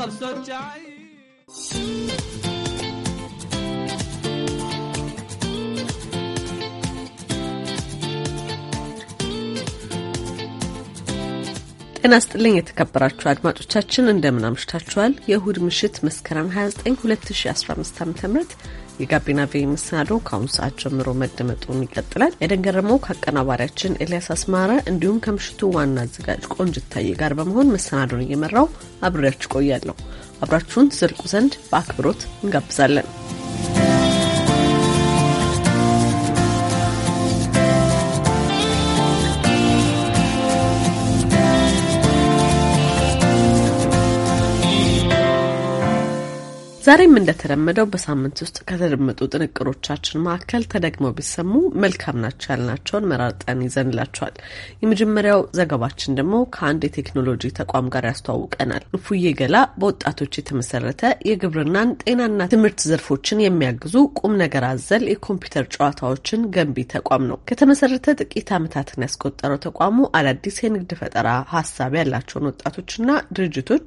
ጤና ስጥልኝ የተከበራችሁ አድማጮቻችን እንደምን አምሽታችኋል። የእሁድ ምሽት መስከረም 29 2015 ዓ ም የጋቢና ቪ መሰናዶ ከአሁኑ ሰዓት ጀምሮ መደመጡን ይቀጥላል። ያደንገረመው ከአቀናባሪያችን ኤልያስ አስማረ እንዲሁም ከምሽቱ ዋና አዘጋጅ ቆንጅታዬ ጋር በመሆን መሰናዶን እየመራው አብሬያችሁ ቆያለሁ። አብራችሁን ዘልቁ ዘንድ በአክብሮት እንጋብዛለን። ዛሬም እንደተለመደው በሳምንት ውስጥ ከተደመጡ ጥንቅሮቻችን መካከል ተደግመው ቢሰሙ መልካም ናቸው ያልናቸውን መራርጠን ይዘንላቸዋል። የመጀመሪያው ዘገባችን ደግሞ ከአንድ የቴክኖሎጂ ተቋም ጋር ያስተዋውቀናል። ንፉዬ ገላ በወጣቶች የተመሰረተ የግብርናን፣ ጤናና ትምህርት ዘርፎችን የሚያግዙ ቁም ነገር አዘል የኮምፒውተር ጨዋታዎችን ገንቢ ተቋም ነው። ከተመሰረተ ጥቂት ዓመታትን ያስቆጠረው ተቋሙ አዳዲስ የንግድ ፈጠራ ሀሳብ ያላቸውን ወጣቶችና ድርጅቶች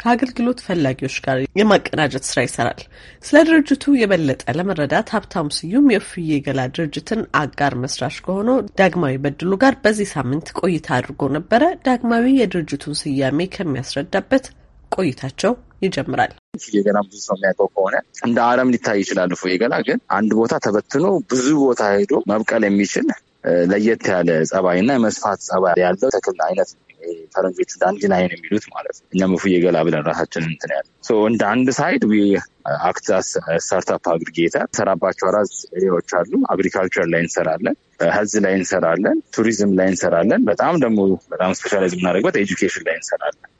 ከአገልግሎት ፈላጊዎች ጋር የማቀናጀት ስራ ይሰራል። ስለ ድርጅቱ የበለጠ ለመረዳት ሀብታሙ ስዩም የእፉዬ ገላ ድርጅትን አጋር መስራች ከሆነው ዳግማዊ በድሉ ጋር በዚህ ሳምንት ቆይታ አድርጎ ነበረ። ዳግማዊ የድርጅቱን ስያሜ ከሚያስረዳበት ቆይታቸው ይጀምራል። እፉዬ ገላ ብዙ ሰው የሚያውቀው ከሆነ እንደ አረም ሊታይ ይችላል። እፉዬ ገላ ግን አንድ ቦታ ተበትኖ ብዙ ቦታ ሄዶ መብቀል የሚችል ለየት ያለ እና የመስፋት ጸባይ ያለው ተክል አይነት ፈረንጆቹ ዳንድ ናይን የሚሉት ማለት ነው። እኛም እፉዬ ገላ ብለን ራሳችን እንትን ያለ እንደ አንድ ሳይድ አክት ስታርታፕ አግሪጌተር ሰራባቸው አራት ኤሪያዎች አሉ። አግሪካልቸር ላይ እንሰራለን፣ ህዝ ላይ እንሰራለን፣ ቱሪዝም ላይ እንሰራለን። በጣም ደግሞ በጣም ስፔሻላይዝ የምናደርግበት ኤጁኬሽን ላይ እንሰራለን።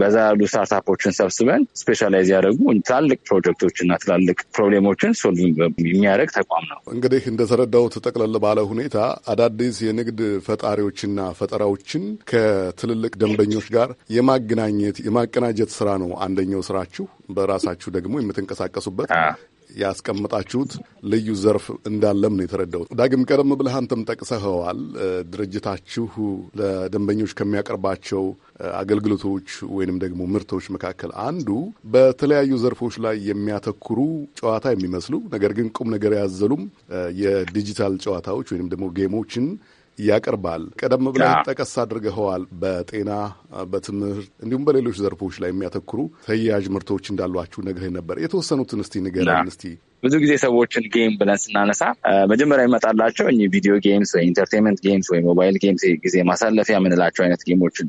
በዛ ያሉ ስታርታፖችን ሰብስበን ስፔሻላይዝ ያደረጉ ትላልቅ ፕሮጀክቶችና ትላልቅ ፕሮብሌሞችን ሶልቭ የሚያደርግ ተቋም ነው። እንግዲህ እንደተረዳሁት ጠቅለል ባለ ሁኔታ አዳዲስ የንግድ ፈጣሪዎችና ፈጠራዎችን ከትልልቅ ደንበኞች ጋር የማገናኘት የማቀናጀት ስራ ነው አንደኛው ስራችሁ። በራሳችሁ ደግሞ የምትንቀሳቀሱበት ያስቀመጣችሁት ልዩ ዘርፍ እንዳለም ነው የተረዳሁት። ዳግም ቀደም ብለህ አንተም ጠቅሰኸዋል። ድርጅታችሁ ለደንበኞች ከሚያቀርባቸው አገልግሎቶች ወይንም ደግሞ ምርቶች መካከል አንዱ በተለያዩ ዘርፎች ላይ የሚያተኩሩ ጨዋታ የሚመስሉ ነገር ግን ቁም ነገር ያዘሉም የዲጂታል ጨዋታዎች ወይንም ደግሞ ጌሞችን ያቀርባል። ቀደም ብለህ ጠቀስ አድርገኸዋል። በጤና በትምህርት እንዲሁም በሌሎች ዘርፎች ላይ የሚያተኩሩ ተያያዥ ምርቶች እንዳሏችሁ ነግረኝ ነበር። የተወሰኑትን እስቲ ንገረን እስቲ። ብዙ ጊዜ ሰዎችን ጌም ብለን ስናነሳ መጀመሪያ ይመጣላቸው እ ቪዲዮ ጌምስ ወይ ኢንተርቴንመንት ጌምስ ወይ ሞባይል ጌምስ ጊዜ ማሳለፊያ የምንላቸው አይነት ጌሞችን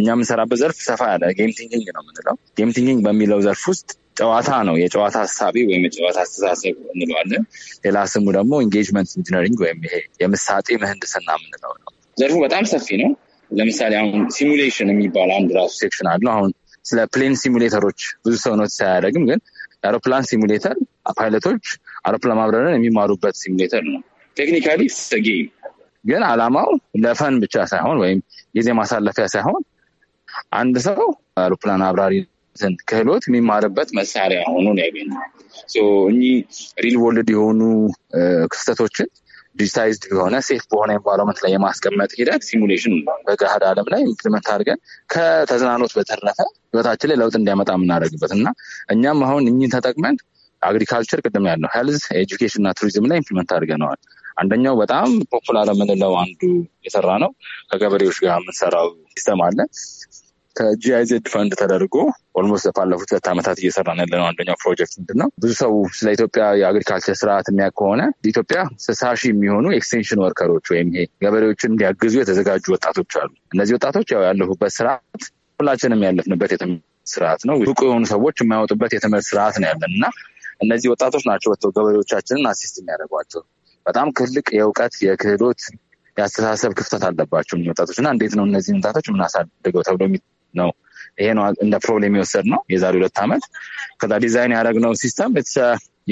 እኛ የምንሰራበት ዘርፍ ሰፋ ያለ ጌም ቲንኪንግ ነው የምንለው። ጌም ቲንኪንግ በሚለው ዘርፍ ውስጥ ጨዋታ ነው። የጨዋታ ሀሳቢ ወይም የጨዋታ አስተሳሰብ እንለዋለን። ሌላ ስሙ ደግሞ ኢንጌጅመንት ኢንጂነሪንግ ወይም ይሄ የምሳጤ ምህንድስና የምንለው ነው። ዘርፉ በጣም ሰፊ ነው። ለምሳሌ አሁን ሲሙሌሽን የሚባል አንድ ራሱ ሴክሽን አለው። አሁን ስለ ፕሌን ሲሙሌተሮች ብዙ ሰው ነው ሳያደርግም፣ ግን አሮፕላን ሲሙሌተር ፓይለቶች አውሮፕላን ማብረርን የሚማሩበት ሲሙሌተር ነው። ቴክኒካሊ ጌም ግን አላማው ለፈን ብቻ ሳይሆን ወይም ጊዜ ማሳለፊያ ሳይሆን አንድ ሰው አውሮፕላን አብራሪ ዘንድ ክህሎት የሚማርበት መሳሪያ ሆኖ ነው ያገኘ እኚህ ሪል ወርልድ የሆኑ ክስተቶችን ዲጂታይዝድ የሆነ ሴፍ በሆነ ኤንቫይሮመንት ላይ የማስቀመጥ ሂደት ሲሙሌሽን በገሃድ ዓለም ላይ ኢምፕሊመንት አድርገን ከተዝናኖት በተረፈ ህይወታችን ላይ ለውጥ እንዲያመጣ የምናደርግበት እና እኛም አሁን እኚህን ተጠቅመን አግሪካልቸር ቅድም ያለው ሄልዝ፣ ኤጁኬሽን እና ቱሪዝም ላይ ኢምፕሊመንት አድርገነዋል። አንደኛው በጣም ፖፑላር የምንለው አንዱ የሰራ ነው። ከገበሬዎች ጋር የምንሰራው ሲስተም አለ። ከጂአይዜድ ፈንድ ተደርጎ ኦልሞስት ለባለፉት ሁለት ዓመታት እየሰራን ያለ ነው። አንደኛው ፕሮጀክት ምንድን ነው? ብዙ ሰው ስለ ኢትዮጵያ የአግሪካልቸር ስርዓት የሚያ ከሆነ ኢትዮጵያ ስልሳ ሺህ የሚሆኑ ኤክስቴንሽን ወርከሮች ወይም ይሄ ገበሬዎችን እንዲያግዙ የተዘጋጁ ወጣቶች አሉ። እነዚህ ወጣቶች ያው ያለፉበት ስርዓት ሁላችንም ያለፍንበት የትምህርት ስርዓት ነው። ብቁ የሆኑ ሰዎች የማያወጡበት የትምህርት ስርዓት ነው ያለን እና እነዚህ ወጣቶች ናቸው ወጥተው ገበሬዎቻችንን አሲስት የሚያደርጓቸው። በጣም ትልቅ የእውቀት የክህሎት የአስተሳሰብ ክፍተት አለባቸው ወጣቶች እና እንዴት ነው እነዚህን ወጣቶች የምናሳድገው ተብሎ ነው። ይሄ ነው እንደ ፕሮብሌም የወሰድ ነው የዛሬ ሁለት ዓመት። ከዛ ዲዛይን ያደረግነው ሲስተም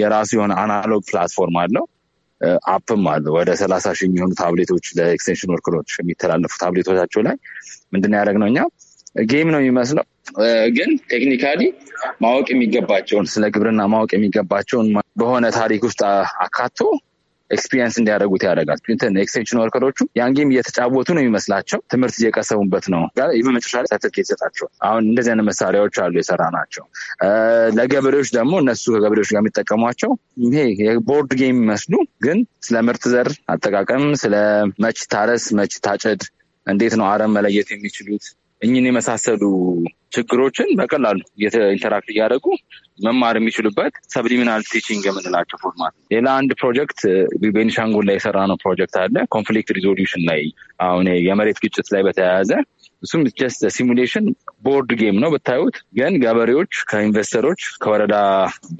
የራሱ የሆነ አናሎግ ፕላትፎርም አለው አፕም አለ። ወደ ሰላሳ ሺህ የሚሆኑ ታብሌቶች ለኤክስቴንሽን ወርከሮች የሚተላለፉ ታብሌቶቻቸው ላይ ምንድን ነው እኛ ጌም ነው የሚመስለው፣ ግን ቴክኒካሊ ማወቅ የሚገባቸውን ስለ ግብርና ማወቅ የሚገባቸውን በሆነ ታሪክ ውስጥ አካቶ ኤክስፒሪየንስ እንዲያደርጉት ያደርጋል። እንትን ኤክስቴንሽን ወርከሮቹ ያን ጌም እየተጫወቱ ነው የሚመስላቸው ትምህርት እየቀሰሙበት ነው። መጨረሻ ላይ ሰርተፍኬት ይሰጣቸዋል። አሁን እንደዚህ አይነት መሳሪያዎች አሉ የሰራ ናቸው። ለገበሬዎች ደግሞ እነሱ ከገበሬዎች ጋር የሚጠቀሟቸው ይሄ የቦርድ ጌም የሚመስሉ ግን ስለ ምርት ዘር አጠቃቀም ስለ መች ታረስ መች ታጨድ እንዴት ነው አረም መለየት የሚችሉት እኝን የመሳሰሉ ችግሮችን በቀላሉ ኢንተራክት እያደረጉ መማር የሚችሉበት ሰብሊሚናል ቲችንግ የምንላቸው ፎርማት። ሌላ አንድ ፕሮጀክት ቤኒሻንጉል ላይ የሰራ ነው ፕሮጀክት አለ ኮንፍሊክት ሪዞሉሽን ላይ አሁን የመሬት ግጭት ላይ በተያያዘ እሱም ጀስት ሲሙሌሽን ቦርድ ጌም ነው ብታዩት። ግን ገበሬዎች ከኢንቨስተሮች ከወረዳ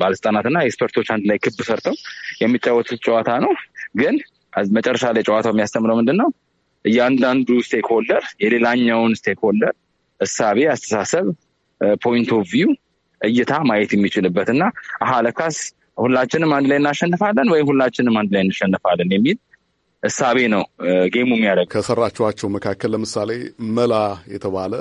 ባለስልጣናትና ኤክስፐርቶች አንድ ላይ ክብ ሰርተው የሚጫወቱት ጨዋታ ነው ግን መጨረሻ ላይ ጨዋታው የሚያስተምረው ምንድን ነው? እያንዳንዱ ስቴክሆልደር የሌላኛውን ስቴክሆልደር እሳቤ፣ አስተሳሰብ፣ ፖይንት ኦፍ ቪው እይታ ማየት የሚችልበት እና አሃ ለካስ ሁላችንም አንድ ላይ እናሸንፋለን ወይም ሁላችንም አንድ ላይ እንሸንፋለን የሚል እሳቤ ነው ጌሙ የሚያደርግ። ከሰራችኋቸው መካከል ለምሳሌ መላ የተባለ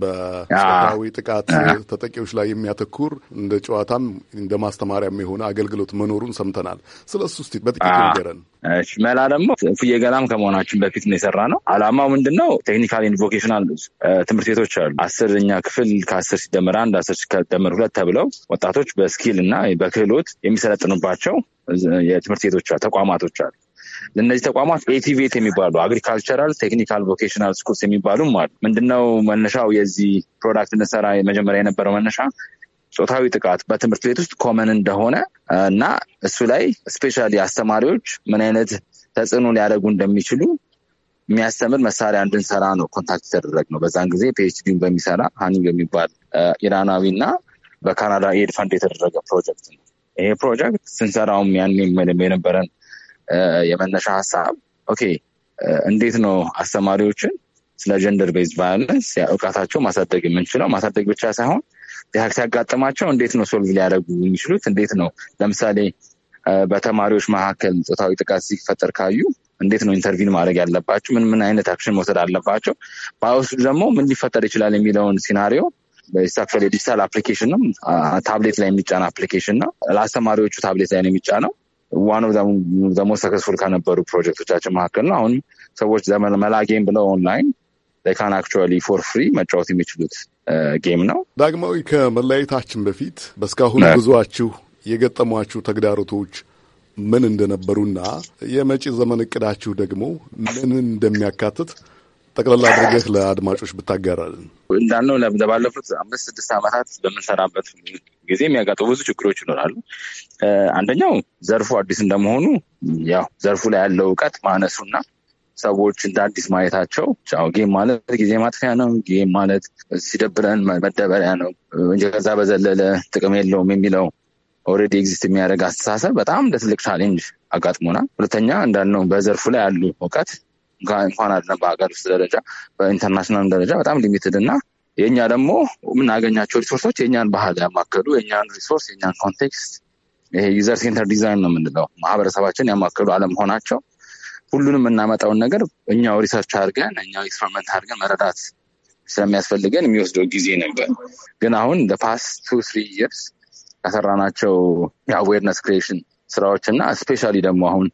በጾታዊ ጥቃት ተጠቂዎች ላይ የሚያተኩር እንደ ጨዋታም እንደ ማስተማሪያም የሆነ አገልግሎት መኖሩን ሰምተናል። ስለ እሱ እስኪ በጥቂት ንገረን። መላ ደግሞ ፍየገላም ከመሆናችን በፊት ነው የሰራ ነው። አላማው ምንድን ነው? ቴክኒካል ኢንድ ቮኬሽናል ትምህርት ቤቶች አሉ። አስርኛ ክፍል ከአስር ሲደመር አንድ አስር ሲደመር ሁለት ተብለው ወጣቶች በስኪል እና በክህሎት የሚሰለጥኑባቸው የትምህርት ቤቶች ተቋማቶች አሉ። እነዚህ ተቋማት ኤቲቬት የሚባሉ አግሪካልቸራል ቴክኒካል ቮኬሽናል ስኩልስ የሚባሉም አሉ። ምንድነው መነሻው የዚህ ፕሮዳክት እንሰራ መጀመሪያ የነበረው መነሻ ጾታዊ ጥቃት በትምህርት ቤት ውስጥ ኮመን እንደሆነ እና እሱ ላይ ስፔሻሊ አስተማሪዎች ምን አይነት ተጽዕኖ ሊያደርጉ እንደሚችሉ የሚያስተምር መሳሪያ እንድንሰራ ነው ኮንታክት የተደረግ ነው። በዛን ጊዜ ፒኤችዲን በሚሰራ ሀኒ የሚባል ኢራናዊ እና በካናዳ ኤድ ፈንድ የተደረገ ፕሮጀክት ነው። ይሄ ፕሮጀክት ስንሰራውም ያን የነበረን የመነሻ ሀሳብ ኦኬ እንዴት ነው አስተማሪዎችን ስለ ጀንደር ቤዝ ቫዮለንስ እውቀታቸው ማሳደግ የምንችለው? ማሳደግ ብቻ ሳይሆን ያህል ሲያጋጥማቸው እንዴት ነው ሶልቭ ሊያደርጉ የሚችሉት? እንዴት ነው ለምሳሌ በተማሪዎች መካከል ፆታዊ ጥቃት ሲፈጠር ካዩ እንዴት ነው ኢንተርቪን ማድረግ ያለባቸው? ምን ምን አይነት አክሽን መውሰድ አለባቸው? በአውስ ደግሞ ምን ሊፈጠር ይችላል የሚለውን ሲናሪዮ ሳክል የዲጂታል አፕሊኬሽንም ታብሌት ላይ የሚጫን አፕሊኬሽን ነው። ለአስተማሪዎቹ ታብሌት ላይ ነው የሚጫነው። ዋን ዘሞ ሰክስፉል ከነበሩ ፕሮጀክቶቻችን መካከል ነው። አሁን ሰዎች መላ ጌም ብለው ኦንላይን ካን አክቹዋሊ ፎር ፍሪ መጫወት የሚችሉት ጌም ነው። ዳግማዊ፣ ከመለያየታችን በፊት በእስካሁን ብዙችሁ የገጠሟችሁ ተግዳሮቶች ምን እንደነበሩና የመጪ ዘመን እቅዳችሁ ደግሞ ምን እንደሚያካትት ጠቅላላ አድርገህ ለአድማጮች ብታጋራልን። እንዳልነው ለባለፉት አምስት ስድስት ዓመታት በምንሰራበት ጊዜ የሚያጋጥሙ ብዙ ችግሮች ይኖራሉ። አንደኛው ዘርፉ አዲስ እንደመሆኑ ያው ዘርፉ ላይ ያለው እውቀት ማነሱና ሰዎች እንደ አዲስ ማየታቸው ጌም ማለት ጊዜ ማጥፊያ ነው፣ ጌም ማለት ሲደብረን መደበሪያ ነው እንጂ ከዛ በዘለለ ጥቅም የለውም የሚለው ኦልሬዲ ኤግዚስት የሚያደርግ አስተሳሰብ በጣም ለትልቅ ትልቅ ቻሌንጅ አጋጥሞናል። ሁለተኛ እንዳልነው በዘርፉ ላይ ያሉ እውቀት እንኳን አይደለም በሀገር ውስጥ ደረጃ በኢንተርናሽናል ደረጃ በጣም ሊሚትድ እና የእኛ ደግሞ የምናገኛቸው ሪሶርሶች የእኛን ባህል ያማከሉ የእኛን ሪሶርስ የእኛን ኮንቴክስት ይሄ ዩዘር ሴንተር ዲዛይን ነው የምንለው ማህበረሰባችን ያማከሉ አለመሆናቸው ሁሉንም የምናመጣውን ነገር እኛው ሪሰርች አድርገን እኛው ኤክስፐሪመንት አድርገን መረዳት ስለሚያስፈልገን የሚወስደው ጊዜ ነበር። ግን አሁን ለፓስት ቱ ስሪ ይርስ ከሰራናቸው የአዌርነስ ክሪኤሽን ስራዎች እና ስፔሻሊ ደግሞ አሁን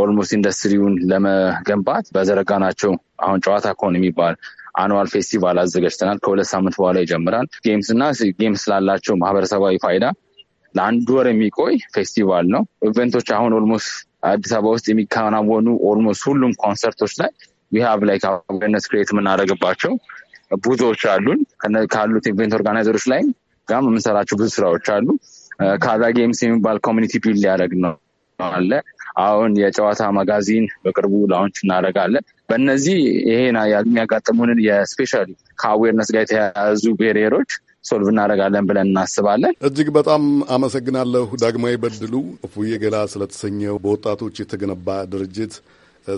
ኦልሞስት ኢንዱስትሪውን ለመገንባት በዘረጋ ናቸው። አሁን ጨዋታ ከሆነ የሚባል አኑዋል ፌስቲቫል አዘጋጅተናል። ከሁለት ሳምንት በኋላ ይጀምራል። ጌምስ እና ጌምስ ስላላቸው ማህበረሰባዊ ፋይዳ ለአንድ ወር የሚቆይ ፌስቲቫል ነው። ኢቨንቶች አሁን ኦልሞስት አዲስ አበባ ውስጥ የሚከናወኑ ኦልሞስት ሁሉም ኮንሰርቶች ላይ ዊሃብ ላይ ከአዋርነስ ክሬት የምናደርግባቸው ብዙዎች አሉን። ካሉት ኢቨንት ኦርጋናይዘሮች ላይ ጋም የምንሰራቸው ብዙ ስራዎች አሉ። ከዛ ጌምስ የሚባል ኮሚኒቲ ቢል ሊያደርግ ነው አለ አሁን የጨዋታ ማጋዚን በቅርቡ ላውንች እናደርጋለን። በእነዚህ ይሄን የሚያጋጥሙንን የስፔሻሊ ከአዌርነስ ጋር የተያያዙ ቤሪየሮች ሶልቭ እናደርጋለን ብለን እናስባለን። እጅግ በጣም አመሰግናለሁ። ዳግማዊ በድሉ እፉዬ ገላ ስለተሰኘው በወጣቶች የተገነባ ድርጅት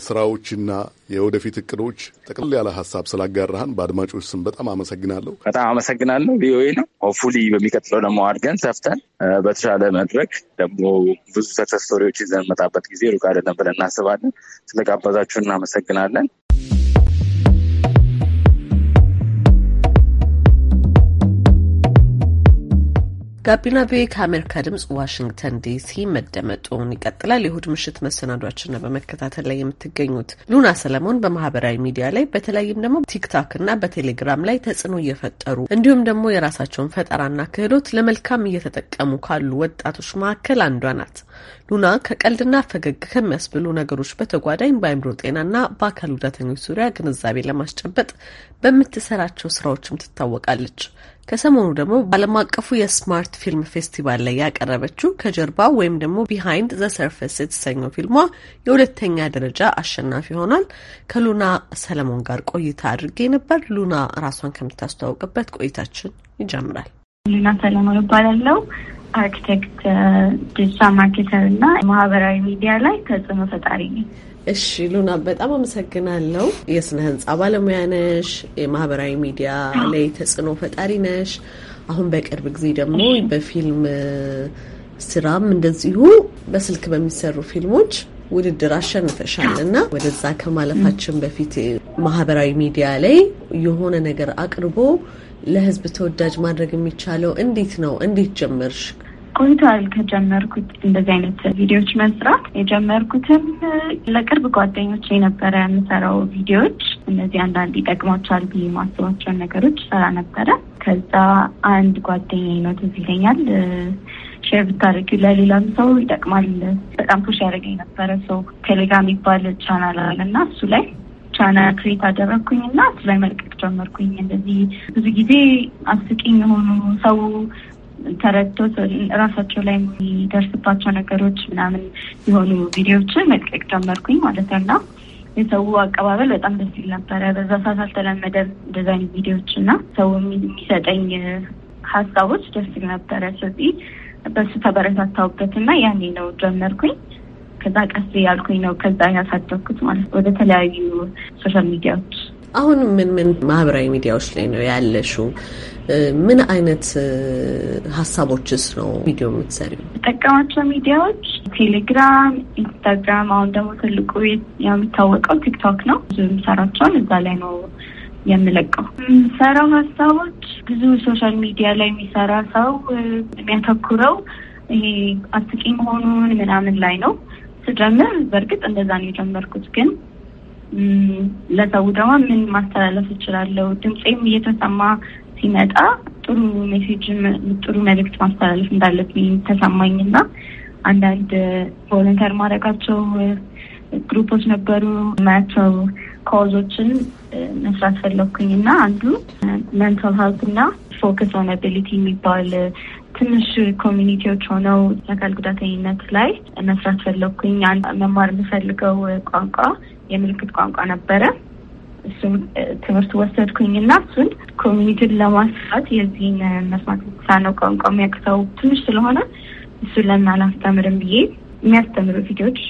ስራዎችና የወደፊት እቅዶች ጠቅልል ያለ ሀሳብ ስላጋራህን በአድማጮች ስም በጣም አመሰግናለሁ። በጣም አመሰግናለሁ። ቪኦኤ ነው። ሆፉሊ በሚቀጥለው ደግሞ አድገን ሰፍተን በተሻለ መድረክ ደግሞ ብዙ ሰክሰስ ስቶሪዎች ይዘን መጣበት ጊዜ ሩቅ አይደለም ብለን እናስባለን። ስለጋበዛችሁን እናመሰግናለን። ጋቢና ቪኦኤ ከአሜሪካ ድምጽ ዋሽንግተን ዲሲ መደመጡን ይቀጥላል። የእሁድ ምሽት መሰናዷችን በመከታተል ላይ የምትገኙት ሉና ሰለሞን በማህበራዊ ሚዲያ ላይ በተለይም ደግሞ ቲክታክ እና በቴሌግራም ላይ ተጽዕኖ እየፈጠሩ እንዲሁም ደግሞ የራሳቸውን ፈጠራና ክህሎት ለመልካም እየተጠቀሙ ካሉ ወጣቶች መካከል አንዷ ናት። ሉና ከቀልድና ፈገግ ከሚያስብሉ ነገሮች በተጓዳኝ በአእምሮ ጤናና በአካል ጉዳተኞች ዙሪያ ግንዛቤ ለማስጨበጥ በምትሰራቸው ስራዎችም ትታወቃለች። ከሰሞኑ ደግሞ በዓለም አቀፉ የስማርት ፊልም ፌስቲቫል ላይ ያቀረበችው ከጀርባ ወይም ደግሞ ቢሃይንድ ዘ ሰርፌስ የተሰኘው ፊልሟ የሁለተኛ ደረጃ አሸናፊ ሆኗል። ከሉና ሰለሞን ጋር ቆይታ አድርጌ ነበር። ሉና ራሷን ከምታስተዋውቅበት ቆይታችን ይጀምራል። ሉና ሰለሞን እባላለሁ። አርኪቴክት፣ ዲጂታል ማርኬተር እና ማህበራዊ ሚዲያ ላይ ተጽዕኖ ፈጣሪ ነኝ። እሺ ሉና በጣም አመሰግናለሁ። የስነ ህንፃ ባለሙያ ነሽ፣ የማህበራዊ ሚዲያ ላይ ተጽዕኖ ፈጣሪ ነሽ። አሁን በቅርብ ጊዜ ደግሞ በፊልም ስራም እንደዚሁ በስልክ በሚሰሩ ፊልሞች ውድድር አሸንፈሻል እና ወደዛ ከማለፋችን በፊት ማህበራዊ ሚዲያ ላይ የሆነ ነገር አቅርቦ ለህዝብ ተወዳጅ ማድረግ የሚቻለው እንዴት ነው? እንዴት ጀመርሽ? ቆይቷል ከጀመርኩት እንደዚህ አይነት ቪዲዮዎች መስራት የጀመርኩትም ለቅርብ ጓደኞች የነበረ የምሰራው ቪዲዮዎች እነዚህ አንዳንድ ይጠቅማቸዋል ብዬ ማስባቸውን ነገሮች ሰራ ነበረ። ከዛ አንድ ጓደኛ ነው ትዝ ይለኛል ሼር ብታደርጊ ለሌላም ሰው ይጠቅማል በጣም ፑሽ ያደረገኝ ነበረ ሰው ቴሌግራም የሚባል ቻናል አለ እና እሱ ላይ ቻናል ክሬት አደረግኩኝ እና እሱ ላይ መልቅ ጀመርኩኝ። እንደዚህ ብዙ ጊዜ አስቂኝ የሆኑ ሰው ተረድቶት ራሳቸው ላይ የሚደርስባቸው ነገሮች ምናምን የሆኑ ቪዲዮዎችን መልቀቅ ጀመርኩኝ ማለት ነው እና የሰው አቀባበል በጣም ደስ ይል ነበረ። በዛ ሰዓት አልተለመደ እንደዛ አይነት ቪዲዮዎች እና ሰው የሚሰጠኝ ሀሳቦች ደስ ይል ነበረ። ስለዚህ በሱ ተበረታታውበት እና ያኔ ነው ጀመርኩኝ። ከዛ ቀስ ያልኩኝ ነው ከዛ ያሳደኩት ማለት ወደ ተለያዩ ሶሻል ሚዲያዎች አሁን ምን ምን ማህበራዊ ሚዲያዎች ላይ ነው ያለሽው? ምን አይነት ሀሳቦችስ ነው ቪዲዮ የምትሰሪ? የምጠቀማቸው ሚዲያዎች ቴሌግራም፣ ኢንስታግራም፣ አሁን ደግሞ ትልቁ የሚታወቀው ቲክቶክ ነው። ብዙ የምሰራቸውን እዛ ላይ ነው የምለቀው የምሰራው ሀሳቦች ብዙ ሶሻል ሚዲያ ላይ የሚሰራ ሰው የሚያተኩረው ይሄ አስቂ መሆኑን ምናምን ላይ ነው። ስጀምር በእርግጥ እንደዛ ነው የጀመርኩት፣ ግን ለሰው ደግሞ ምን ማስተላለፍ እችላለሁ? ድምፄም እየተሰማ ሲመጣ ጥሩ ሜሴጅ፣ ጥሩ መልእክት ማስተላለፍ እንዳለብኝ ተሰማኝና አንዳንድ ቮለንተር ማድረጋቸው ግሩፖች ነበሩ ማያቸው ካውዞችን መስራት ፈለኩኝ እና አንዱ መንታል ሀልት እና ፎከስ ኦን አቢሊቲ የሚባል ትንሽ ኮሚኒቲዎች ሆነው የአካል ጉዳተኝነት ላይ መስራት ፈለኩኝ። መማር የምፈልገው ቋንቋ የምልክት ቋንቋ ነበረ። እሱም ትምህርት ወሰድኩኝና እሱን ኮሚኒቲን ለማስፋት የዚህን መስማት የተሳነው ቋንቋ የሚያቅተው ትንሽ ስለሆነ እሱን ለምን አላስተምርም ብዬ የሚያስተምሩ ቪዲዮዎች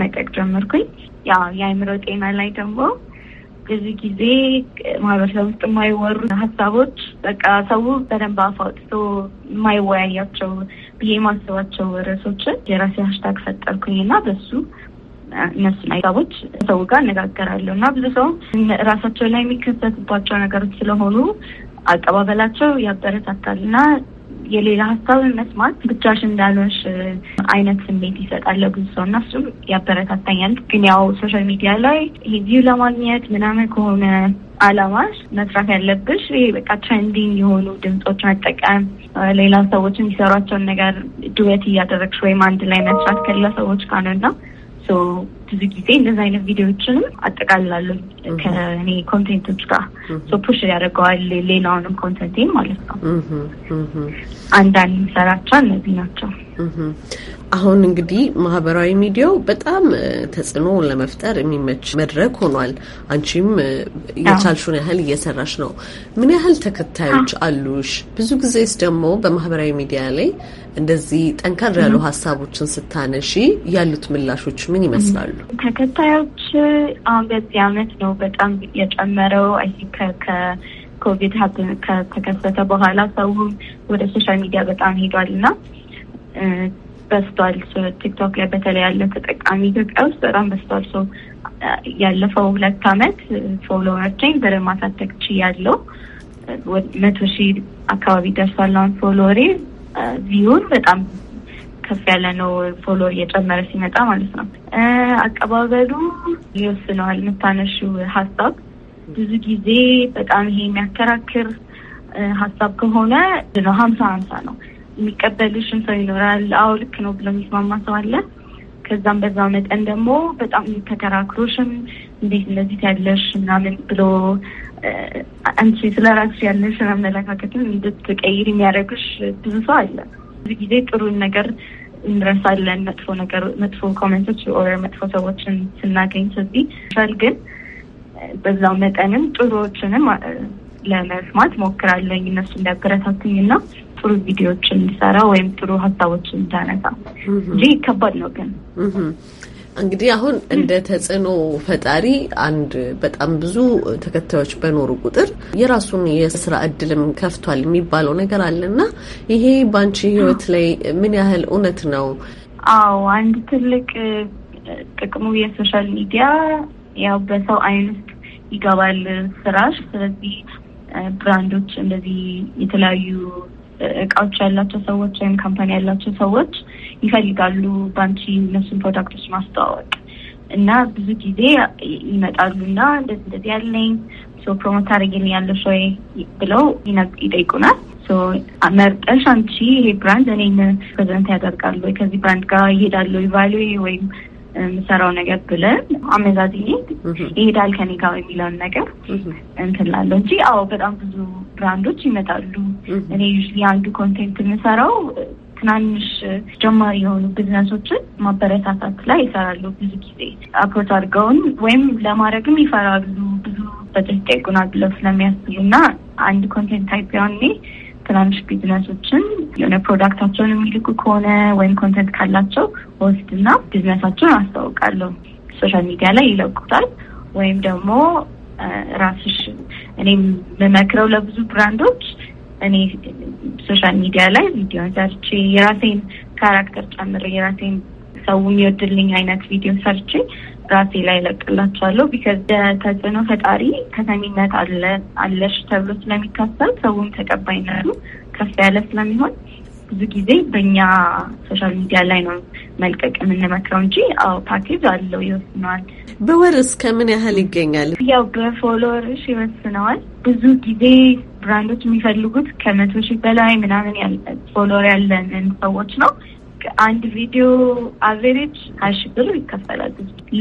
መጠቅ ጀመርኩኝ። ያው የአእምሮ ጤና ላይ ደግሞ ብዙ ጊዜ ማህበረሰብ ውስጥ የማይወሩ ሀሳቦች በቃ ሰው በደንብ አፍ አውጥቶ የማይወያያቸው ብዬ ማስባቸው ርዕሶችን የራሴ ሀሽታግ ፈጠርኩኝና በሱ እነሱን ሀሳቦች ሰው ጋር አነጋገራለሁ እና ብዙ ሰው ራሳቸው ላይ የሚከሰትባቸው ነገሮች ስለሆኑ አቀባበላቸው ያበረታታል እና የሌላ ሀሳብን መስማት ብቻሽ እንዳልሆንሽ አይነት ስሜት ይሰጣል ብዙ ሰው እና እሱም ያበረታታኛል። ግን ያው ሶሻል ሚዲያ ላይ ቪው ለማግኘት ምናምን ከሆነ አላማሽ መስራት ያለብሽ ይሄ በቃ ትሬንዲንግ የሆኑ ድምጾች መጠቀም፣ ሌላ ሰዎች የሚሰሯቸውን ነገር ድዌት እያደረግሽ ወይም አንድ ላይ መስራት ከሌላ ሰዎች ጋር ነው ብዙ ጊዜ እንደዚ አይነት ቪዲዮዎችንም አጠቃልላሉ ከእኔ ኮንቴንቶች ጋር ፑሽ ያደርገዋል ሌላውንም ኮንተንቴን ማለት ነው። አንዳንድ ሰራቻ እነዚህ ናቸው። አሁን እንግዲህ ማህበራዊ ሚዲያው በጣም ተጽዕኖ ለመፍጠር የሚመች መድረክ ሆኗል። አንቺም የቻልሽውን ያህል እየሰራሽ ነው። ምን ያህል ተከታዮች አሉሽ? ብዙ ጊዜስ ደግሞ በማህበራዊ ሚዲያ ላይ እንደዚህ ጠንከር ያሉ ሀሳቦችን ስታነሺ ያሉት ምላሾች ምን ይመስላሉ? ተከታዮች አሁን በዚህ አመት ነው በጣም የጨመረው አይ ከኮቪድ ከተከሰተ በኋላ ሰውም ወደ ሶሻል ሚዲያ በጣም ሄዷል እና በስቷል። ቲክቶክ ላይ በተለይ ያለ ተጠቃሚ ኢትዮጵያ ውስጥ በጣም በስቷል። ሰው ያለፈው ሁለት አመት ፎሎወርቼን በደንብ ማሳደግ ችያለሁ። መቶ ሺህ አካባቢ ደርሷል አሁን ፎሎወሬ። ቪውን በጣም ከፍ ያለ ነው ፎሎወር እየጨመረ ሲመጣ ማለት ነው። አቀባበሉ ይወስነዋል የምታነሺው ሀሳብ ብዙ ጊዜ በጣም ይሄ የሚያከራክር ሀሳብ ከሆነ ነው ሀምሳ ሀምሳ ነው የሚቀበልሽም ሰው ይኖራል። አዎ ልክ ነው ብሎ የሚስማማ ሰው አለ። ከዛም በዛ መጠን ደግሞ በጣም ተከራክሮሽም እንዴት እንደዚህ ያለሽ ምናምን ብሎ አንቺ ስለ ራስሽ ያለሽን አመለካከትም እንድትቀይር የሚያደርግሽ ብዙ ሰው አለ። ብዙ ጊዜ ጥሩን ነገር እንረሳለን። መጥፎ ነገር፣ መጥፎ ኮሜንቶች ኦር መጥፎ ሰዎችን ስናገኝ ስለዚህ ሻል ግን በዛው መጠንም ጥሩዎችንም ለመስማት ሞክራለኝ እነሱ እንዳበረታትኝ እና ጥሩ ቪዲዮዎችን እንዲሰራ ወይም ጥሩ ሀሳቦችን እንዳነሳ እንጂ ከባድ ነው ግን እንግዲህ አሁን እንደ ተጽዕኖ ፈጣሪ አንድ በጣም ብዙ ተከታዮች በኖሩ ቁጥር የራሱን የስራ እድልም ከፍቷል የሚባለው ነገር አለ እና ይሄ በአንቺ ህይወት ላይ ምን ያህል እውነት ነው? አዎ አንድ ትልቅ ጥቅሙ የሶሻል ሚዲያ ያው በሰው አይን ውስጥ ይገባል ስራሽ። ስለዚህ ብራንዶች እንደዚህ የተለያዩ እቃዎች ያላቸው ሰዎች ወይም ካምፓኒ ያላቸው ሰዎች ይፈልጋሉ ባንቺ እነሱን ፕሮዳክቶች ማስተዋወቅ እና ብዙ ጊዜ ይመጣሉ እና እንደዚህ እንደዚህ ያለኝ ፕሮሞት ታደርጊልኝ ያለሽ ወይ ብለው ይጠይቁናል። መርጠሽ አንቺ ይሄ ብራንድ እኔን ፕሬዘንት ያደርጋሉ ወይ ከዚህ ብራንድ ጋር ይሄዳሉ ይቫሉ ወይም የምሰራው ነገር ብለን አመዛዝኝ ይሄዳል ከኔ ጋር የሚለውን ነገር እንትላለሁ እንጂ አዎ፣ በጣም ብዙ ብራንዶች ይመጣሉ። እኔ ዩዝሊ አንዱ ኮንቴንት የምሰራው ትናንሽ ጀማሪ የሆኑ ቢዝነሶችን ማበረታታት ላይ ይሰራሉ። ብዙ ጊዜ አፕሮች አድርገውን ወይም ለማድረግም ይፈራሉ። ብዙ በጀት ይጠይቁናል ብለው ስለሚያስቡ እና አንድ ኮንቴንት ታይፕ ያኔ ትናንሽ ቢዝነሶችን የሆነ ፕሮዳክታቸውን የሚልኩ ከሆነ ወይም ኮንተንት ካላቸው ወስድና ቢዝነሳቸውን አስታውቃለሁ። ሶሻል ሚዲያ ላይ ይለቁታል። ወይም ደግሞ ራስሽ እኔ የምመክረው ለብዙ ብራንዶች እኔ ሶሻል ሚዲያ ላይ ቪዲዮ ሰርቼ የራሴን ካራክተር ጨምሬ የራሴን ሰው የሚወድልኝ አይነት ቪዲዮ ሰርቼ ራሴ ላይ ለቅላቸዋለሁ። ቢከዝ ተጽዕኖ ፈጣሪ ከተሚነት አለ አለሽ ተብሎ ስለሚከሰል ሰውም ተቀባይነቱ ከፍ ያለ ስለሚሆን ብዙ ጊዜ በእኛ ሶሻል ሚዲያ ላይ ነው መልቀቅ የምንመክረው እንጂ አዎ ፓኬጅ አለው ይወስነዋል። በወር እስከ ምን ያህል ይገኛል? ያው በፎሎወርሽ ይወስነዋል። ብዙ ጊዜ ብራንዶች የሚፈልጉት ከመቶ ሺህ በላይ ምናምን ፎሎወር ያለንን ሰዎች ነው። አንድ ቪዲዮ አቨሬጅ ሀያ ሺህ ብር ይከፈላል።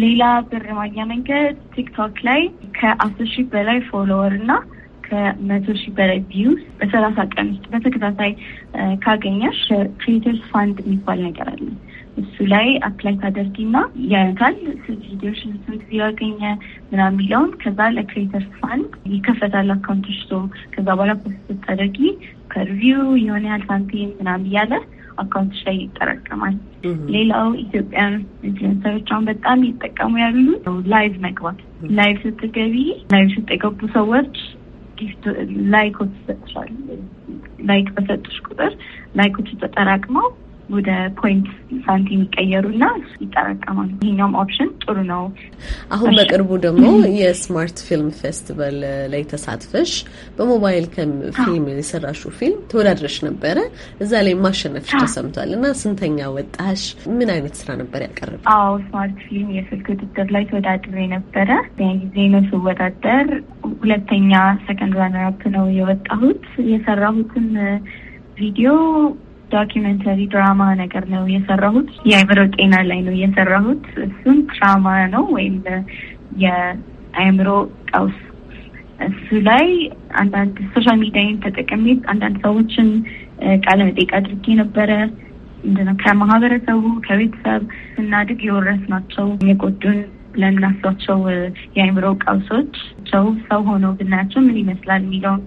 ሌላ ብር ማግኛ መንገድ ቲክቶክ ላይ ከአስር ሺህ በላይ ፎሎወር እና ከመቶ ሺህ በላይ ቪውስ በሰላሳ ቀን ውስጥ በተከታታይ ካገኘሽ ክሬተርስ ፋንድ የሚባል ነገር አለ። እሱ ላይ አፕላይ ታደርጊና ያነታል ስንት ቪዲዮሽን ስንት ቪዲዮ ያገኘ ምናምን የሚለውን ከዛ ለክሬተርስ ፋንድ ይከፈታል አካውንቶች ሶ ከዛ በኋላ ፖስት ታደርጊ ከሪቪው የሆነ ያህል ሳንቲም ምናምን እያለ አካውንት ላይ ይጠረቀማል። ሌላው ኢትዮጵያን ኢንፍሉዌንሰሮች አሁን በጣም ይጠቀሙ ያሉት ላይቭ መግባት፣ ላይቭ ስትገቢ፣ ላይቭ ስትገቡ ሰዎች ላይኮች ይሰጥሻል። ላይክ በሰጡሽ ቁጥር ላይኮች ተጠራቅመው ወደ ፖይንት ሳንቲም ይቀየሩና ይጠራቀማሉ። ይሄኛውም ኦፕሽን ጥሩ ነው። አሁን በቅርቡ ደግሞ የስማርት ፊልም ፌስቲቫል ላይ ተሳትፈሽ በሞባይል ፊልም የሰራሽው ፊልም ተወዳድረሽ ነበረ። እዛ ላይ ማሸነፍሽ ተሰምቷል እና ስንተኛ ወጣሽ? ምን አይነት ስራ ነበር ያቀረብ? አዎ ስማርት ፊልም የስልክ ውድድር ላይ ተወዳድሬ ነበረ። ያን ጊዜ ነው ስወዳደር ሁለተኛ ሰከንድ ራነር አፕ ነው የወጣሁት። የሰራሁትን ቪዲዮ ዶኪመንተሪ ድራማ ነገር ነው የሰራሁት። የአእምሮ ጤና ላይ ነው የሰራሁት። እሱም ድራማ ነው ወይም የአእምሮ ቀውስ። እሱ ላይ አንዳንድ ሶሻል ሚዲያን ተጠቅሜ አንዳንድ ሰዎችን ቃለ መጠይቅ አድርጌ ነበረ። ምንድነው ከማህበረሰቡ ከቤተሰብ ስናድግ የወረስናቸው የጎዱን ለምናሷቸው የአእምሮ ቀውሶች ቸው ሰው ሆነው ብናያቸው ምን ይመስላል የሚለውን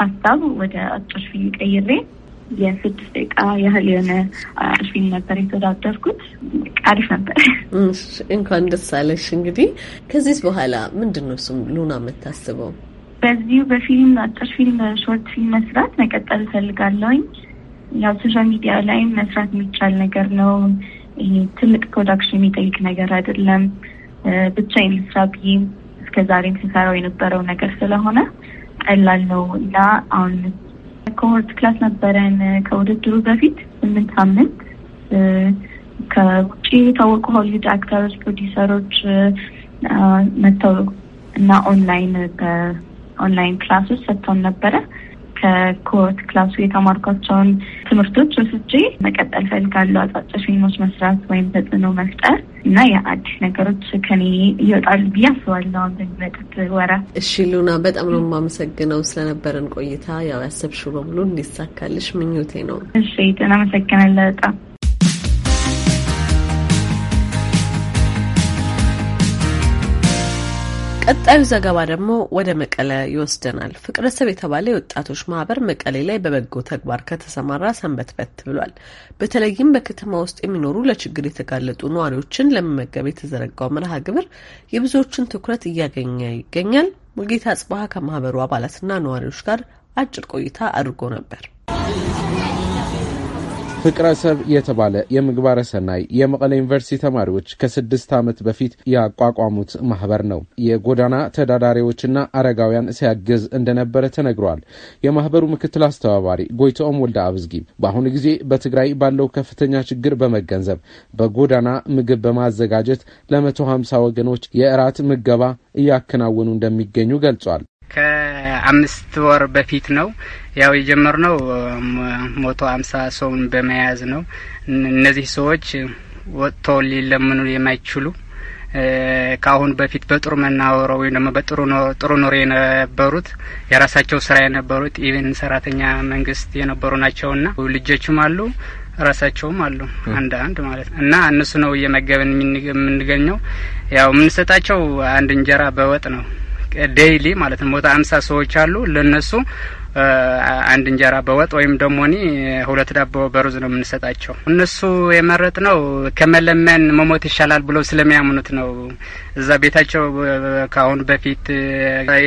ሀሳብ ወደ አጭር ፊልም ቀይሬ የስድስት ደቂቃ ያህል የሆነ ፊልም ነበር የተወዳደርኩት። አሪፍ ነበር። እንኳን ደስ አለሽ። እንግዲህ ከዚህ በኋላ ምንድን ነው እሱም ሉና የምታስበው? በዚሁ በፊልም አጭር ፊልም ሾርት ፊልም መስራት መቀጠል እፈልጋለሁኝ። ያው ሶሻል ሚዲያ ላይ መስራት የሚቻል ነገር ነው። ትልቅ ፕሮዳክሽን የሚጠይቅ ነገር አይደለም። ብቻዬን ልስራ ብዬ እስከዛሬም ስሰራው የነበረው ነገር ስለሆነ ቀላል ነው እና አሁን ኮሆርት ክላስ ነበረን ከውድድሩ በፊት ስምንት ሳምንት ከውጭ የታወቁ ሆሊውድ አክተሮች፣ ፕሮዲሰሮች መጥተው እና ኦንላይን በኦንላይን ክላሶች ሰጥተውን ነበረ። ከኮት ክላሱ የተማርኳቸውን ትምህርቶች ወስጄ መቀጠል ፈልጋለሁ። አጫጭር ፊልሞች መስራት ወይም ተጽዕኖ መፍጠር እና የአዲስ ነገሮች ከኔ ይወጣሉ ብዬ አስባለሁ አሁን በሚመጡት ወራት። እሺ ሉና፣ በጣም ነው የማመሰግነው ስለነበረን ቆይታ። ያው ያሰብሽው በሙሉ እንዲሳካልሽ ምኞቴ ነው። እሺ፣ አመሰግናለሁ በጣም ቀጣዩ ዘገባ ደግሞ ወደ መቀለ ይወስደናል። ፍቅረሰብ የተባለ የወጣቶች ማህበር መቀሌ ላይ በበጎ ተግባር ከተሰማራ ሰንበት በት ብሏል። በተለይም በከተማ ውስጥ የሚኖሩ ለችግር የተጋለጡ ነዋሪዎችን ለመመገብ የተዘረጋው መርሃ ግብር የብዙዎችን ትኩረት እያገኘ ይገኛል። ሙልጌታ አጽባሀ ከማህበሩ አባላትና ነዋሪዎች ጋር አጭር ቆይታ አድርጎ ነበር። ፍቅረ ሰብ የተባለ የምግባረ ሰናይ የመቀለ ዩኒቨርሲቲ ተማሪዎች ከስድስት ዓመት በፊት ያቋቋሙት ማህበር ነው። የጎዳና ተዳዳሪዎችና አረጋውያን ሲያግዝ እንደነበረ ተነግሯል። የማህበሩ ምክትል አስተባባሪ ጎይቶኦም ወልደ አብዝጊ በአሁኑ ጊዜ በትግራይ ባለው ከፍተኛ ችግር በመገንዘብ በጎዳና ምግብ በማዘጋጀት ለመቶ ሀምሳ ወገኖች የእራት ምገባ እያከናወኑ እንደሚገኙ ገልጿል። ከአምስት ወር በፊት ነው ያው የጀመርነው መቶ አምሳ ሰውን በመያዝ ነው። እነዚህ ሰዎች ወጥቶ ሊለምኑ የማይችሉ ከአሁን በፊት በጥሩ መናወረ ወይም ደግሞ በጥሩ ጥሩ ኑሮ የነበሩት የራሳቸው ስራ የነበሩት ኢቨን ሰራተኛ መንግስት የነበሩ ናቸውና ልጆችም አሉ ራሳቸውም አሉ አንድ አንድ ማለት ነው። እና እነሱ ነው እየመገብን የምንገኘው። ያው የምንሰጣቸው አንድ እንጀራ በወጥ ነው። ዴይሊ ማለት ነው መቶ ሀምሳ ሰዎች አሉ ለነሱ አንድ እንጀራ በወጥ ወይም ደግሞ እኔ ሁለት ዳቦ በሩዝ ነው የምንሰጣቸው። እነሱ የመረጥ ነው ከመለመን መሞት ይሻላል ብለው ስለሚያምኑት ነው። እዛ ቤታቸው ከአሁን በፊት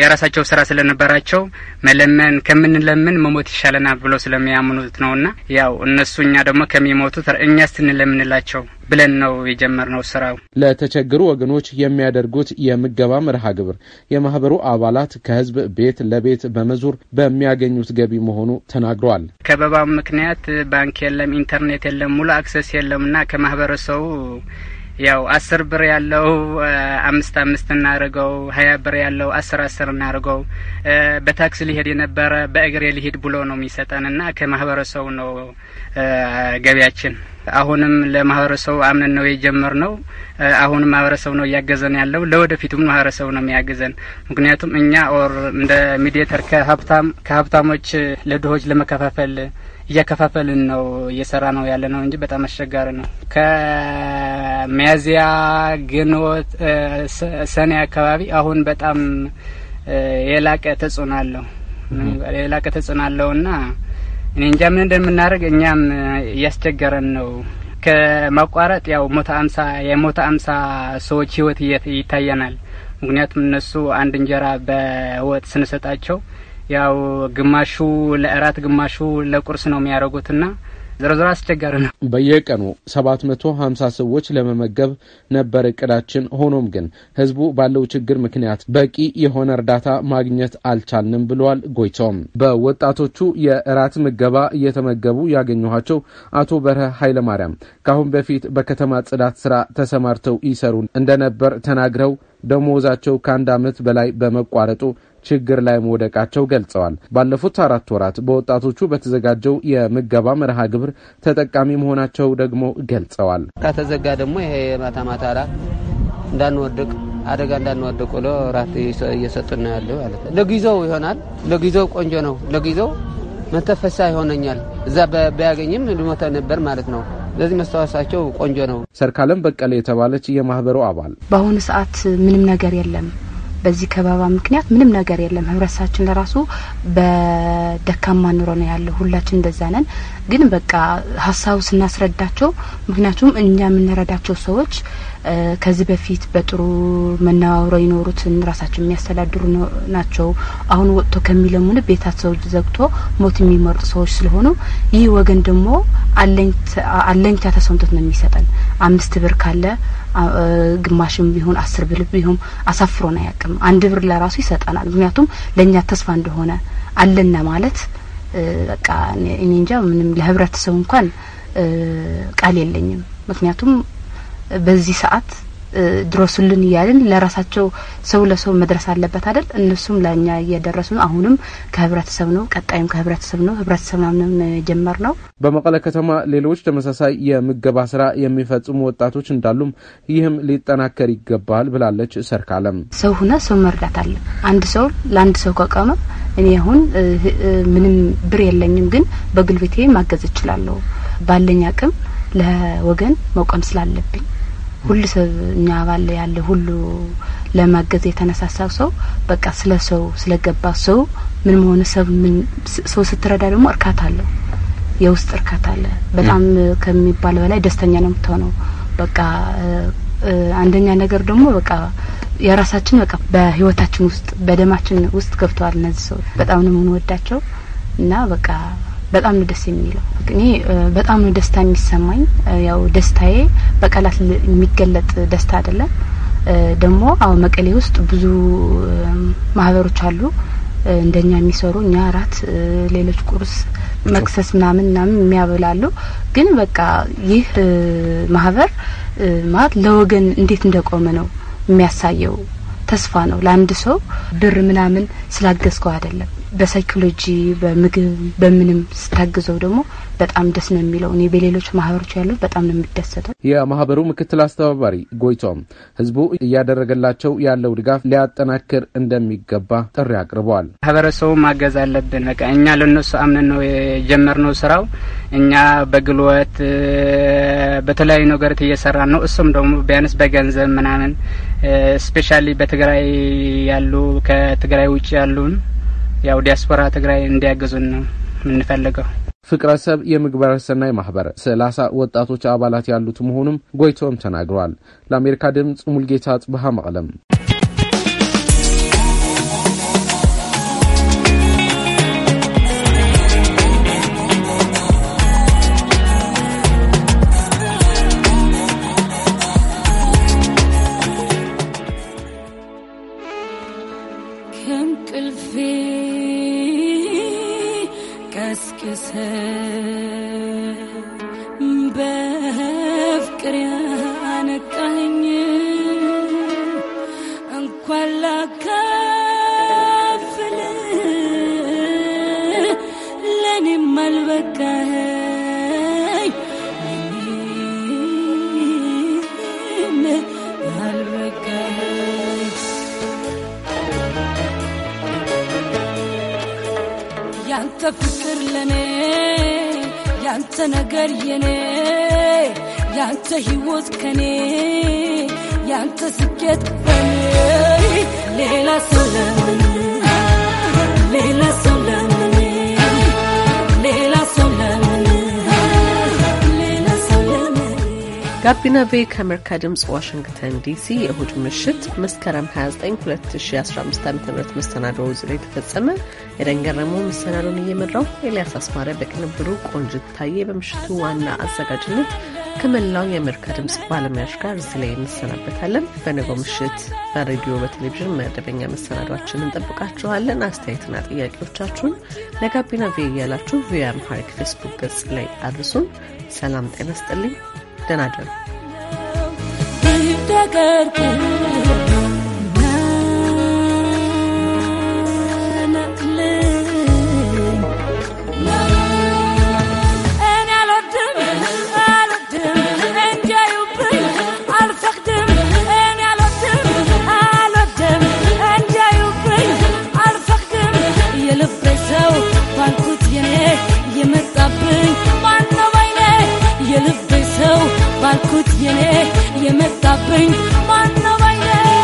የራሳቸው ስራ ስለነበራቸው መለመን ከምንለምን መሞት ይሻለናል ብለው ስለሚያምኑት ነውና ያው እነሱ እኛ ደግሞ ከሚሞቱት እኛ ስንለምንላቸው ብለን ነው የጀመርነው ስራው። ለተቸገሩ ወገኖች የሚያደርጉት የምገባ መርሃ ግብር የማህበሩ አባላት ከህዝብ ቤት ለቤት በመዞር በሚያ የሚያገኙት ገቢ መሆኑ ተናግረዋል። ከበባው ምክንያት ባንክ የለም፣ ኢንተርኔት የለም፣ ሙሉ አክሰስ የለም እና ከማህበረሰቡ ያው አስር ብር ያለው አምስት አምስት እናርገው፣ ሀያ ብር ያለው አስር አስር እናርገው፣ በታክስ ሊሄድ የነበረ በእግሬ ሊሄድ ብሎ ነው የሚሰጠን እና ከማህበረሰቡ ነው ገቢያችን። አሁንም ለማህበረሰቡ አምነን ነው ነው። አሁንም ማህበረሰቡ ነው እያገዘን ያለው። ለወደፊቱም ማህበረሰቡ ነው የሚያግዘን። ምክንያቱም እኛ ኦር እንደ ሚዲየተር ከሀብታም ከሀብታሞች ለድሆች ለመከፋፈል እያከፋፈልን ነው እየሰራ ነው ያለ ነው እንጂ በጣም አስቸጋሪ ነው። ከሚያዝያ ግንቦት፣ ሰኔ አካባቢ አሁን በጣም የላቀ ተጽዕኖ አለው የላቀ ተጽዕኖ አለውና እኔ እንጃ ምን እንደምናደርግ እኛም እያስቸገረን ነው። ከማቋረጥ ያው ሞተ አምሳ የሞተ አምሳ ሰዎች ህይወት ይታየናል። ምክንያቱም እነሱ አንድ እንጀራ በወጥ ስንሰጣቸው ያው ግማሹ ለእራት ግማሹ ለቁርስ ነው የሚያደርጉትና ዞሮ ዞሮ አስቸጋሪ ነው። በየቀኑ ሰባት መቶ ሀምሳ ሰዎች ለመመገብ ነበር እቅዳችን። ሆኖም ግን ህዝቡ ባለው ችግር ምክንያት በቂ የሆነ እርዳታ ማግኘት አልቻልንም ብለዋል ጎይቶም። በወጣቶቹ የእራት ምገባ እየተመገቡ ያገኘኋቸው አቶ በረሀ ኃይለማርያም ከአሁን በፊት በከተማ ጽዳት ስራ ተሰማርተው ይሰሩ እንደነበር ተናግረው ደሞዛቸው ከአንድ ዓመት በላይ በመቋረጡ ችግር ላይ መውደቃቸው ገልጸዋል። ባለፉት አራት ወራት በወጣቶቹ በተዘጋጀው የምገባ መርሃ ግብር ተጠቃሚ መሆናቸው ደግሞ ገልጸዋል። ከተዘጋ ደግሞ ይሄ የማታ ማታ ራት እንዳንወድቅ አደጋ እንዳንወድቅ ብሎ ራት እየሰጡ ነው ያለ ማለት ነው። ለጊዜው ይሆናል። ለጊዜው ቆንጆ ነው። ለጊዜው መተፈሳ ይሆነኛል። እዛ ቢያገኝም ልሞተ ነበር ማለት ነው ለዚህ መስተዋሳቸው ቆንጆ ነው። ሰርካለም በቀለ የተባለች የማህበሩ አባል በአሁኑ ሰዓት ምንም ነገር የለም በዚህ ከበባ ምክንያት ምንም ነገር የለም። ህብረተሰባችን ለራሱ በደካማ ኑሮ ነው ያለው። ሁላችን እንደዛ ነን። ግን በቃ ሀሳቡ ስናስረዳቸው፣ ምክንያቱም እኛ የምንረዳቸው ሰዎች ከዚህ በፊት በጥሩ መነባብረው ይኖሩትን ራሳቸው የሚያስተዳድሩ ናቸው። አሁን ወጥቶ ከሚለሙን ቤታቸው ዘግቶ ሞት የሚመርጡ ሰዎች ስለሆኑ ይህ ወገን ደግሞ አለኝታ ተሰምቶት ነው የሚሰጠን አምስት ብር ካለ ግማሽም ቢሆን አስር ብር ቢሆን አሳፍሮን አያውቅም። አንድ ብር ለራሱ ይሰጠናል። ምክንያቱም ለእኛ ተስፋ እንደሆነ አለና ማለት በቃ እኔ እንጃ ምንም ለህብረተሰቡ እንኳን ቃል የለኝም። ምክንያቱም በዚህ ሰዓት ድረሱልን እያልን ለራሳቸው ሰው ለሰው መድረስ አለበት አይደል? እነሱም ለእኛ እየደረሱ ነው። አሁንም ከህብረተሰብ ነው፣ ቀጣይም ከህብረተሰብ ነው። ህብረተሰብ ናምንም ጀመር ነው። በመቀለ ከተማ ሌሎች ተመሳሳይ የምገባ ስራ የሚፈጽሙ ወጣቶች እንዳሉም ይህም ሊጠናከር ይገባል ብላለች። ሰርካለም ሰው ሁነ ሰው መርዳት አለ። አንድ ሰው ለአንድ ሰው ከቀመ እኔ አሁን ምንም ብር የለኝም፣ ግን በጉልበቴ ማገዝ እችላለሁ። ባለኝ አቅም ለወገን መቆም ስላለብኝ ሁሉ ሰብ እኛ አባል ያለ ሁሉ ለማገዝ የተነሳሳው ሰው በቃ ስለ ሰው ስለ ገባ ሰው ምን መሆኑ ሰብ ሰው ስትረዳ ደግሞ እርካታ አለው። የውስጥ እርካታ አለ። በጣም ከሚባል በላይ ደስተኛ ነው የምትሆነው። በቃ አንደኛ ነገር ደግሞ በቃ የራሳችን በቃ በህይወታችን ውስጥ በደማችን ውስጥ ገብተዋል እነዚህ ሰዎች። በጣም ነው የምንወዳቸው እና በቃ በጣም ነው ደስ የሚለው። እኔ በጣም ነው ደስታ የሚሰማኝ። ያው ደስታዬ በቃላት የሚገለጥ ደስታ አይደለም። ደግሞ አዎ መቀሌ ውስጥ ብዙ ማህበሮች አሉ እንደኛ የሚሰሩ እኛ እራት፣ ሌሎች ቁርስ፣ መክሰስ ምናምን ምናምን የሚያበላሉ። ግን በቃ ይህ ማህበር ማለት ለወገን እንዴት እንደቆመ ነው የሚያሳየው። ተስፋ ነው ለአንድ ሰው ብር ምናምን ስላገዝከው አይደለም በሳይኮሎጂ በምግብ በምንም ስታግዘው ደግሞ በጣም ደስ ነው የሚለው። እኔ በሌሎች ማህበሮች ያሉት በጣም ነው የሚደሰተው። የማህበሩ ምክትል አስተባባሪ ጎይቶም ህዝቡ እያደረገላቸው ያለው ድጋፍ ሊያጠናክር እንደሚገባ ጥሪ አቅርበዋል። ማህበረሰቡ ማገዝ አለብን። በቃ እኛ ለነሱ አምነን ነው የጀመርነው ስራው። እኛ በግልወት በተለያዩ ነገሮች እየሰራን ነው። እሱም ደግሞ ቢያንስ በገንዘብ ምናምን ስፔሻሊ በትግራይ ያሉ ከትግራይ ውጭ ያሉን ያው ዲያስፖራ ትግራይ እንዲያግዙን ነው የምንፈልገው። ፍቅረሰብ የምግባረ ሰናይ ማህበር ሰላሳ ወጣቶች አባላት ያሉት መሆኑም ጎይቶም ተናግረዋል። ለአሜሪካ ድምፅ ሙልጌታ ጽብሃ መቅለም ከእንቅልፌ ቀስቅሰ በፍቅር ያነቃኝ ከፍቅር ለኔ ያንተ ነገር የኔ ያንተ ሕይወት ከኔ ያንተ ስኬት በኔ ሌላ ሰው ሌላ ሰው ጋቢና ቬ ከአሜሪካ ድምፅ ዋሽንግተን ዲሲ የእሁድ ምሽት መስከረም 29 2015 ዓ ም መሰናዶው እዚህ ላይ ተፈጸመ። የደንገረመው መሰናዶን እየመራው ኤልያስ አስማረ በቅንብሩ ቆንጅት ታዬ በምሽቱ ዋና አዘጋጅነት ከመላው የአሜሪካ ድምፅ ባለሙያዎች ጋር እዚህ ላይ እንሰናበታለን። በነገው ምሽት በሬዲዮ በቴሌቪዥን መደበኛ መሰናዷችን እንጠብቃችኋለን። አስተያየትና ጥያቄዎቻችሁን ለጋቢና ቬ እያላችሁ ቪኦኤ አምሃሪክ ፌስቡክ ገጽ ላይ አድርሱን። ሰላም ጤና ስጥልኝ። ደህና እደሩ። ሰው ባልኩት የኔ የመጣብኝ ማነው ባይኔ